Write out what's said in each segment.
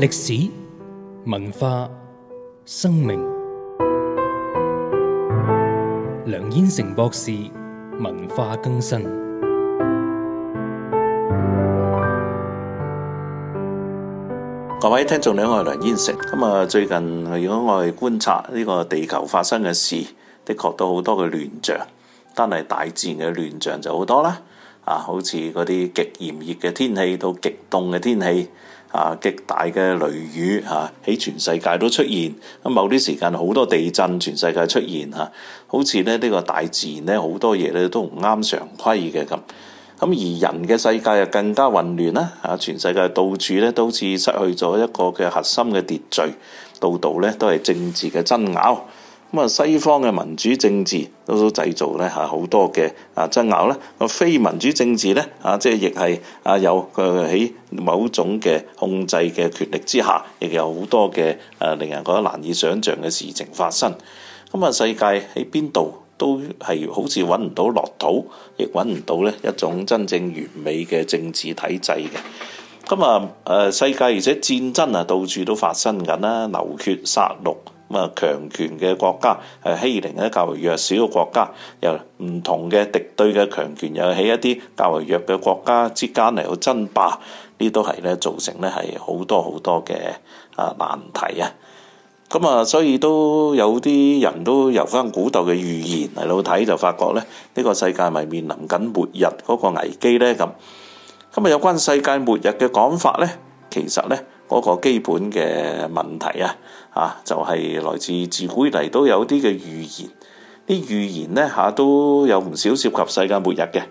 歷史、文化、生命，梁燕城博士文化更新。各位聽眾你好，我係梁燕城。咁啊，最近如果我哋觀察呢個地球發生嘅事，的確都好多嘅亂象，但係大自然嘅亂象就好多啦。啊，好似嗰啲極炎熱嘅天氣到極凍嘅天氣。啊！極大嘅雷雨嚇，喺、啊、全世界都出現。咁、啊、某啲時間好多地震，全世界出現嚇、啊，好似咧呢、呢個大自然咧好多嘢咧都唔啱常規嘅咁。咁、啊、而人嘅世界又更加混亂啦！嚇、啊，全世界到處咧都似失去咗一個嘅核心嘅秩序，到度咧都係政治嘅爭拗。咁啊，西方嘅民主政治都製造咧嚇好多嘅啊爭拗咧，咁非民主政治呢，啊，即係亦係啊有佢喺某種嘅控制嘅權力之下，亦有好多嘅誒令人覺得難以想像嘅事情發生。咁啊，世界喺邊度都係好似揾唔到樂土，亦揾唔到呢一種真正完美嘅政治體制嘅。咁啊誒，世界而且戰爭啊，到處都發生緊啦，流血殺戮。咁啊，強權嘅國家誒欺凌一較為弱小嘅國家，又唔同嘅敵對嘅強權又喺一啲較為弱嘅國家之間嚟到爭霸，呢都係咧造成咧係好多好多嘅啊難題啊！咁啊，所以都有啲人都由翻古代嘅預言嚟到睇，就發覺咧呢、呢個世界咪面臨緊末日嗰個危機呢。咁。咁啊，有關世界末日嘅講法呢，其實呢。嗰個基本嘅問題啊，啊，就係、是、來自自古以嚟都有啲嘅預言，啲預言呢，吓都有唔少涉及世界末日嘅。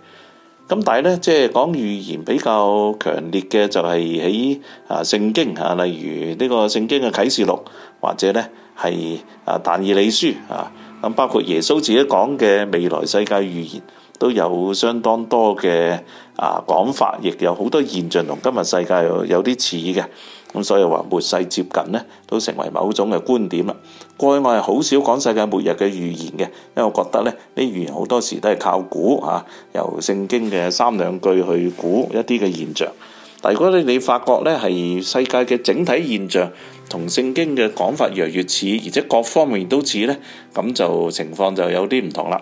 咁但係呢，即係講預言比較強烈嘅就係喺啊聖經啊，例如呢個聖經嘅啟示錄，或者呢係啊但以理書啊，咁包括耶穌自己講嘅未來世界預言，都有相當多嘅啊講法，亦有好多現象同今日世界有啲似嘅。咁所以話末世接近呢，都成為某種嘅觀點啦。過去我係好少講世界末日嘅預言嘅，因為我覺得呢啲預言好多時都係靠估吓、啊，由聖經嘅三兩句去估一啲嘅現象。但如果你你發覺呢係世界嘅整體現象同聖經嘅講法越嚟越似，而且各方面都似呢，咁就情況就有啲唔同啦。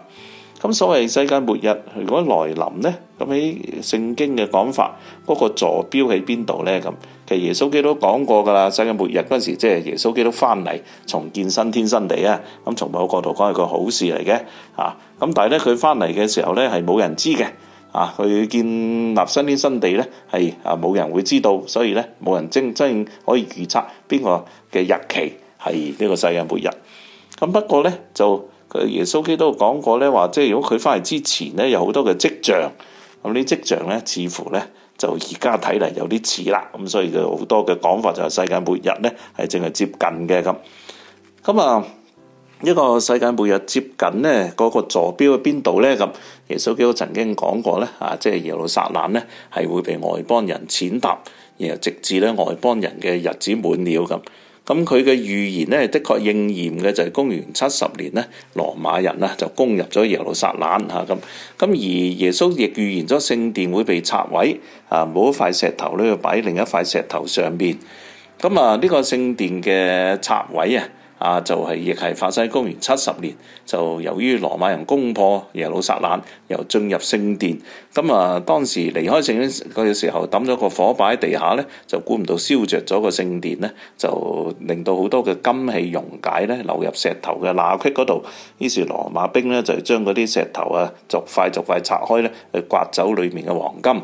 咁所謂世界末日如果來臨呢，咁喺聖經嘅講法，嗰個坐標喺邊度呢？咁其實耶穌基督都講過噶啦，世界末日嗰時即係耶穌基督翻嚟重建新天新地啊！咁從某個角度講係個好事嚟嘅啊！咁但係咧佢翻嚟嘅時候呢，係冇人知嘅啊！佢建立新天新地呢，係啊冇人會知道，所以呢，冇人真正可以預測邊個嘅日期係呢個世界末日。咁不過呢，就。耶穌基督講過咧，話即係如果佢翻嚟之前咧，有好多嘅跡象，咁啲跡象咧，似乎咧就而家睇嚟有啲似啦，咁所以就好多嘅講法就係世界末日咧係淨係接近嘅咁。咁啊，一、這個世界末日接近咧，嗰個座標喺邊度咧？咁耶穌基督曾經講過咧，啊，即係耶路撒冷咧係會被外邦人踐踏，然後直至咧外邦人嘅日子滿了咁。咁佢嘅預言呢，的確應驗嘅就係公元七十年，呢羅馬人呢就攻入咗耶路撒冷嚇咁。咁啊而耶穌亦預言咗聖殿會被拆毀，啊，冇一塊石頭咧擺喺另一塊石頭上邊。咁啊，呢個聖殿嘅拆毀啊！啊，就係、是、亦係發生喺公元七十年，就由於羅馬人攻破耶路撒冷，又進入聖殿。咁啊，當時離開聖殿嘅個時候，抌咗個火把喺地下呢，就估唔到燒着咗個聖殿呢，就令到好多嘅金器溶解呢，流入石頭嘅罅隙嗰度。於是羅馬兵呢，就將嗰啲石頭啊逐塊逐塊拆開呢，去刮走裡面嘅黃金。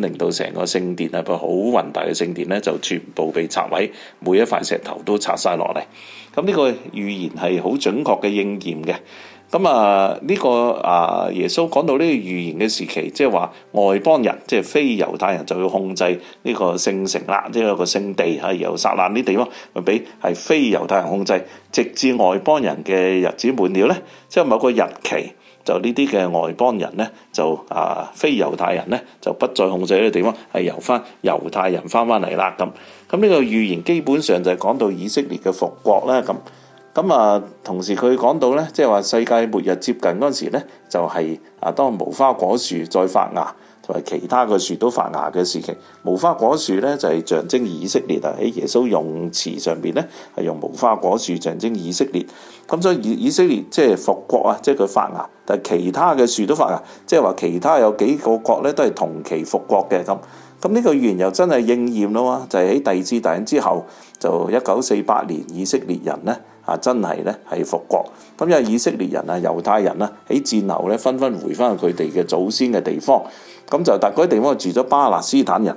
令到成個聖殿啊，個好宏大嘅聖殿咧，就全部被拆毀，每一塊石頭都拆晒落嚟。咁呢個預言係好準確嘅應驗嘅。咁、這個、啊，呢個啊耶穌講到呢個預言嘅時期，即係話外邦人，即、就、係、是、非猶太人，就要控制呢個聖城啦，呢、就是、個個聖地啊，由撒但啲地方，佢俾係非猶太人控制，直至外邦人嘅日子滿了呢，即、就、係、是、某個日期。就呢啲嘅外邦人呢，就啊非猶太人呢，就不再控制呢個地方，係由翻猶太人翻翻嚟啦咁。咁呢個預言基本上就係講到以色列嘅復國啦咁。咁啊，同時佢講到呢，即係話世界末日接近嗰陣時咧，就係啊當無花果樹再發芽，同埋其他嘅樹都發芽嘅時期，無花果樹咧就係象徵以色列啊！喺耶穌用詞上邊咧，係用無花果樹象徵以色列。咁所以以以色列即係復國啊，即係佢發芽，但係其他嘅樹都發芽，即係話其他有幾個國咧都係同期復國嘅咁。咁呢個預言又真係應驗咯。喎，就係、是、喺第二次大戰之後，就一九四八年以色列人呢，啊，真係呢，係復國。咁因為以色列人啊、猶太人啊，喺戰後呢，紛紛回翻去佢哋嘅祖先嘅地方，咁就但嗰啲地方住咗巴勒斯坦人。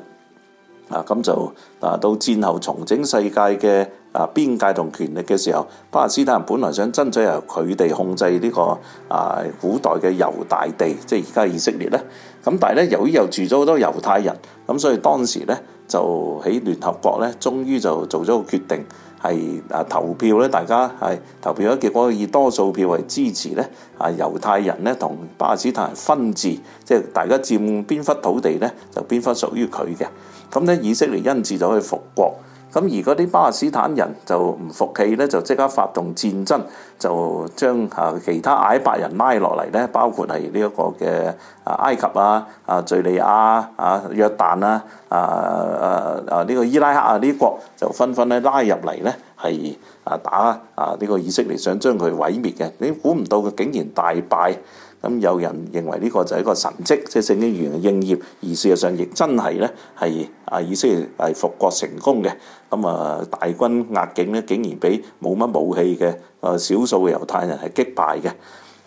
啊，咁就啊，到戰後重整世界嘅啊邊界同權力嘅時候，巴勒斯坦人本來想爭取由佢哋控制呢、這個啊古代嘅猶大地，即係而家以色列咧。咁、啊、但係咧，由於又住咗好多猶太人，咁、啊、所以當時咧就喺聯合國咧，終於就做咗個決定。係啊投票咧，大家係投票咗，結果以多數票為支持咧，啊猶太人咧同巴勒斯坦人分治，即係大家佔邊忽土地咧就邊忽屬於佢嘅，咁咧以色列因此就可以復國。咁而嗰啲巴勒斯坦人就唔服氣咧，就即刻發動戰爭，就將啊其他阿拉伯人拉落嚟咧，包括係呢一個嘅啊埃及啊、啊敍利亞啊、約旦啊、啊啊啊呢個伊拉克啊呢啲國就紛紛咧拉入嚟咧，係啊打啊呢個以色列，想將佢毀滅嘅。你估唔到佢竟然大敗！咁有人認為呢個就係一個神蹟，即係聖經預言嘅應驗，而事實上亦真係呢，係啊，以色列係復國成功嘅。咁啊，大軍壓境咧，竟然俾冇乜武器嘅啊少數嘅猶太人係擊敗嘅。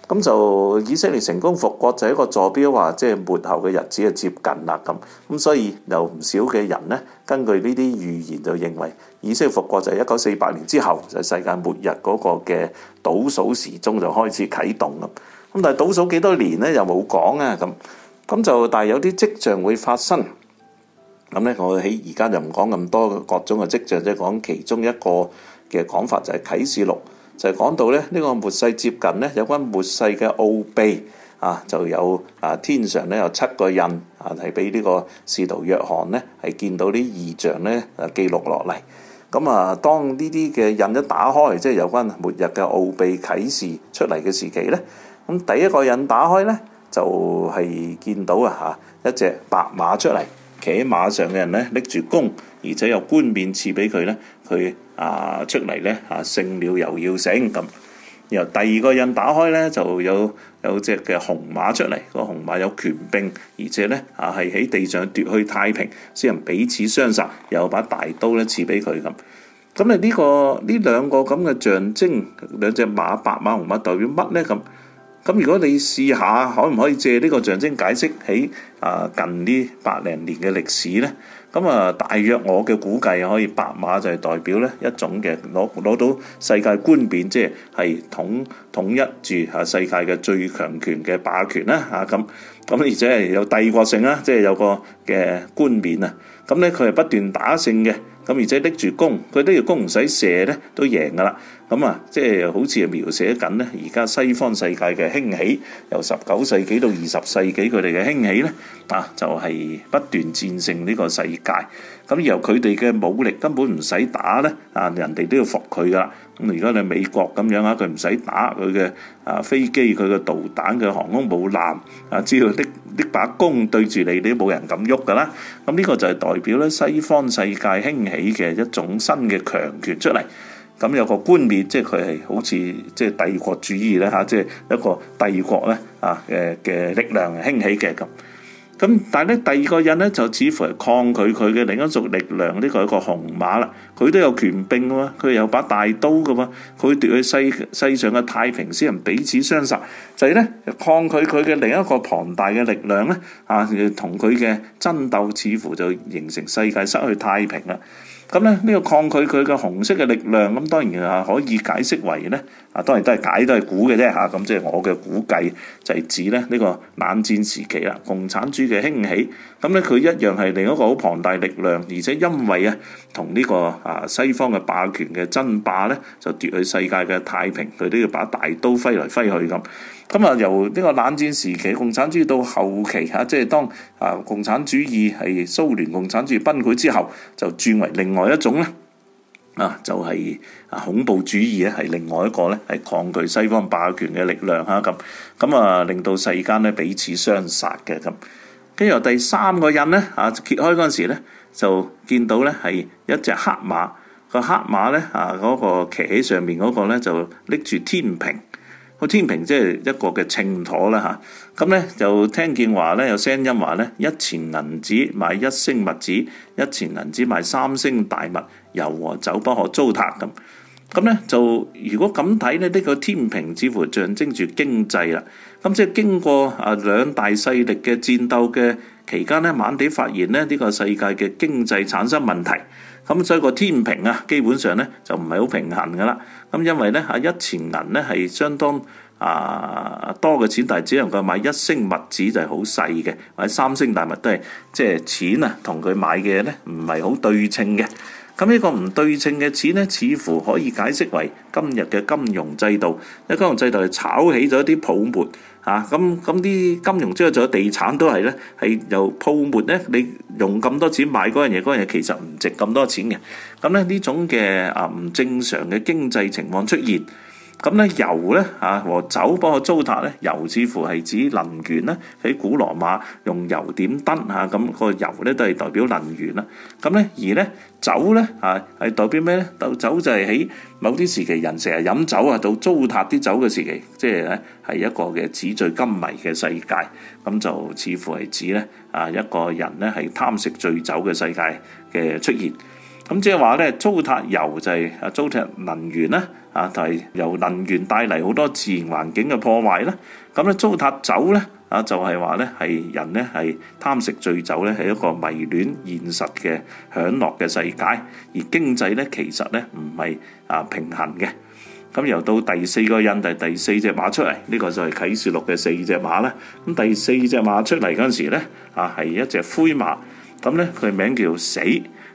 咁就以色列成功復國就係一個坐標，話即係末後嘅日子係接近啦。咁咁所以有唔少嘅人咧，根據呢啲預言就認為以色列復國就係一九四八年之後就係世界末日嗰個嘅倒數時鐘就開始啟動咁。咁但係倒數幾多年呢，又冇講啊，咁咁就但係有啲跡象會發生咁呢，我喺而家就唔講咁多各種嘅跡象，即係講其中一個嘅講法就係啟示錄就係、是、講到呢呢個末世接近呢，有關末世嘅奧秘啊，就有啊天上呢有七個印啊，係俾呢個使徒約翰呢係見到啲異象呢誒記錄落嚟。咁啊，當呢啲嘅印一打開，即、就、係、是、有關末日嘅奧秘啟示出嚟嘅時期呢。咁第一個印打開咧，就係、是、見到啊，一隻白馬出嚟，騎喺馬上嘅人咧拎住弓，而且有冠冕賜俾佢咧，佢啊出嚟咧啊，勝了又要勝。咁。然後第二個印打開咧，就有有隻嘅紅馬出嚟，個紅馬有權柄，而且咧啊係喺地上奪去太平，先人彼此相殺，又把大刀咧賜俾佢咁。咁你呢個呢兩個咁嘅象徵，兩隻馬，白馬紅馬代表乜咧咁？咁如果你試下，可唔可以借呢個象徵解釋起啊近呢百零年嘅歷史咧？咁啊，大約我嘅估計可以，白馬就係代表咧一種嘅攞攞到世界冠冕，即係統統一住啊世界嘅最強權嘅霸權啦，啊咁咁而且係有帝國性啦，即係有個嘅冠冕啊，咁咧佢係不斷打勝嘅。咁而且拎住弓，佢拎住弓唔使射咧，都贏噶啦。咁啊，即係好似係描寫緊咧，而家西方世界嘅興起，由十九世紀到二十世紀，佢哋嘅興起咧，啊，就係不斷戰勝呢個世界。咁由佢哋嘅武力根本唔使打咧，啊，人哋都要服佢噶。咁而家你美國咁樣啊，佢唔使打佢嘅啊飛機、佢嘅導彈、佢嘅航空母艦啊，只要的。呢把弓對住你，你都冇人敢喐噶啦。咁呢個就係代表咧西方世界興起嘅一種新嘅強權出嚟。咁有個冠冕，即係佢係好似即係帝國主義咧嚇，即係一個帝國咧啊誒嘅力量興起嘅咁。咁但係咧第二個人咧就似乎係抗拒佢嘅另一種力量，呢個係一個紅馬啦。佢都有權柄嘅喎，佢有把大刀嘅喎，佢奪去世世上嘅太平，使人彼此相殺，就係、是、咧抗拒佢嘅另一個龐大嘅力量咧。啊，同佢嘅爭鬥似乎就形成世界失去太平啦。咁咧呢個抗拒佢嘅紅色嘅力量，咁、嗯、當然啊可以解釋為咧，啊當然都係解都係估嘅啫嚇。咁即係我嘅估計就係指咧呢個冷戰時期啦，共產主義嘅興起，咁咧佢一樣係另一個好龐大力量，而且因為啊同呢、這個。啊啊！西方嘅霸權嘅爭霸咧，就奪去世界嘅太平，佢都要把大刀揮嚟揮去咁。咁啊，由呢個冷戰時期，共產主義到後期吓，即、啊、係、就是、當啊共產主義係蘇聯共產主義崩潰之後，就轉為另外一種咧，啊，就係、是、啊恐怖主義咧，係另外一個咧，係抗拒西方霸權嘅力量吓咁。咁啊，令到世間咧彼此相殺嘅咁。跟住由第三個印咧啊揭開嗰陣時咧。就見到咧係一隻黑馬，個黑馬咧嚇嗰個騎喺上面嗰個咧就拎住天平，個天平即係一個嘅秤砣啦吓，咁、啊、咧就聽見話咧有聲音話咧一錢銀子買一升麥子，一錢銀子買三升大麥，油和酒不可糟蹋咁。咁咧就如果咁睇咧呢個天平似乎象徵住經濟啦。咁、啊、即係經過啊兩大勢力嘅戰鬥嘅。期間咧，猛地發現咧，呢個世界嘅經濟產生問題，咁所以個天平啊，基本上咧就唔係好平衡嘅啦。咁因為咧，啊一錢銀咧係相當啊、呃、多嘅錢，但係只能夠買一升麥子就係好細嘅，買三升大麥都，都係即係錢啊，同佢買嘅咧唔係好對稱嘅。咁呢個唔對稱嘅錢咧，似乎可以解釋為今日嘅金融制度，因金融制度係炒起咗啲泡沫。啊，咁咁啲金融之外仲有地產都係咧，係由泡沫咧，你用咁多錢買嗰樣嘢，嗰樣嘢其實唔值咁多錢嘅，咁咧呢種嘅啊唔正常嘅經濟情況出現。咁咧油咧啊和酒嗰個糟蹋咧，油似乎係指能源咧。喺古羅馬用油點燈啊，咁個油咧都係代表能源啦。咁咧而咧酒咧啊係代表咩咧？酒就係喺某啲時期人成日飲酒啊，到糟蹋啲酒嘅時期，即係咧係一個嘅紙醉金迷嘅世界。咁就似乎係指咧啊一個人咧係貪食醉酒嘅世界嘅出現。咁即係話咧，糟蹋油就係啊，糟蹋能源啦，啊，同係由能源帶嚟好多自然環境嘅破壞啦。咁咧，糟蹋酒咧，啊，就係話咧係人咧係貪食醉酒咧，係一個迷戀現實嘅享樂嘅世界。而經濟咧，其實咧唔係啊平衡嘅。咁由到第四個印，就是，第第四隻馬出嚟，呢個就係啟示錄嘅四隻馬啦。咁第四隻馬出嚟嗰陣時咧，啊係一隻灰馬，咁咧佢名叫死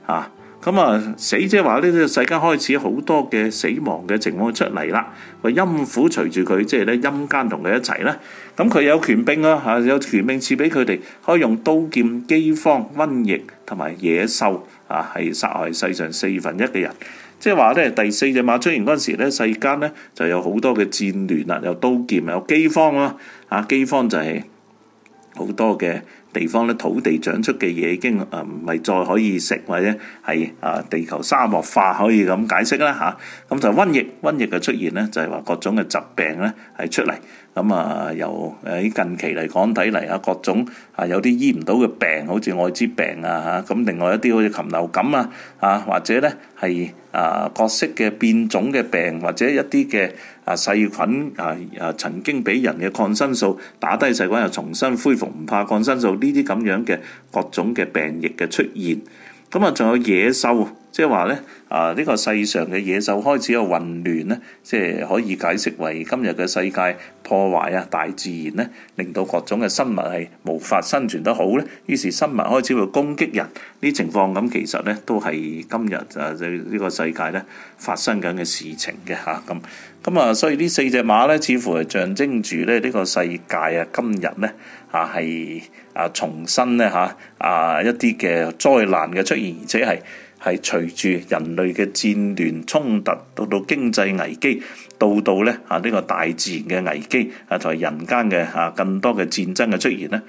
啊。咁啊，死者話呢個世間開始好多嘅死亡嘅情況出嚟啦。個陰府隨住佢，即係咧陰間同佢一齊咧。咁佢有權兵啊，嚇有權兵賜俾佢哋，可以用刀劍、饑荒、瘟疫同埋野獸啊，係殺害世上四分一嘅人。即係話咧，第四隻馬出現嗰陣時咧，世間咧就有好多嘅戰亂啊，有刀劍啊，有饑荒啊，嚇饑荒就係好多嘅。地方咧，土地長出嘅嘢已經誒唔係再可以食，或者係啊地球沙漠化可以咁解釋啦嚇。咁、啊、就瘟疫，瘟疫嘅出現咧，就係、是、話各種嘅疾病咧係出嚟。咁、嗯、啊由喺近期嚟講睇嚟啊，各種啊有啲醫唔到嘅病，好似愛滋病啊嚇。咁、啊、另外一啲好似禽流感啊啊，或者咧係啊各式嘅變種嘅病，或者一啲嘅啊細菌啊啊曾經俾人嘅抗生素打低，細菌又重新恢復，唔怕抗生素。呢啲咁樣嘅各種嘅病疫嘅出現，咁啊仲有野獸，即係話呢，啊呢個世上嘅野獸開始有混亂呢，即係可以解釋為今日嘅世界破壞啊，大自然呢，令到各種嘅生物係無法生存得好呢，於是生物開始會攻擊人呢情況，咁其實呢都係今日啊呢個世界咧發生緊嘅事情嘅吓咁，咁啊所以呢四隻馬呢，似乎係象徵住咧呢個世界啊今日呢。啊，係啊，重新呢，嚇啊，一啲嘅災難嘅出現，而且係係隨住人類嘅戰亂衝突，到到經濟危機，到到咧啊呢、啊這個大自然嘅危機啊，同埋人間嘅嚇、啊、更多嘅戰爭嘅出現呢，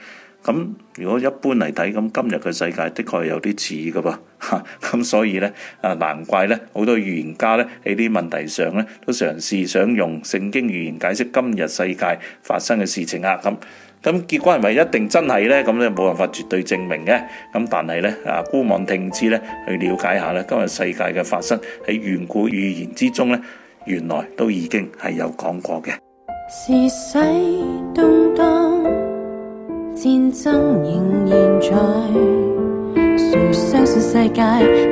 咁、啊、如果一般嚟睇，咁今日嘅世界的確有啲似㗎喎嚇。咁、啊啊、所以呢，啊，難怪呢好多預言家呢喺啲問題上呢，都嘗試想用聖經預言解釋今日世界發生嘅事情啊咁。啊啊啊啊啊啊咁結果係咪一定真係咧？咁咧冇辦法絕對證明嘅。咁但係咧啊，姑妄聽之咧，去了解下咧，今日世界嘅發生喺遠古預言之中咧，原來都已經係有講過嘅。時勢動盪，戰爭仍然在，誰相信世界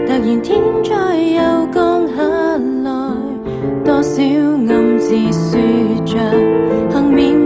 突然天災又降下來？多少暗自説著幸免。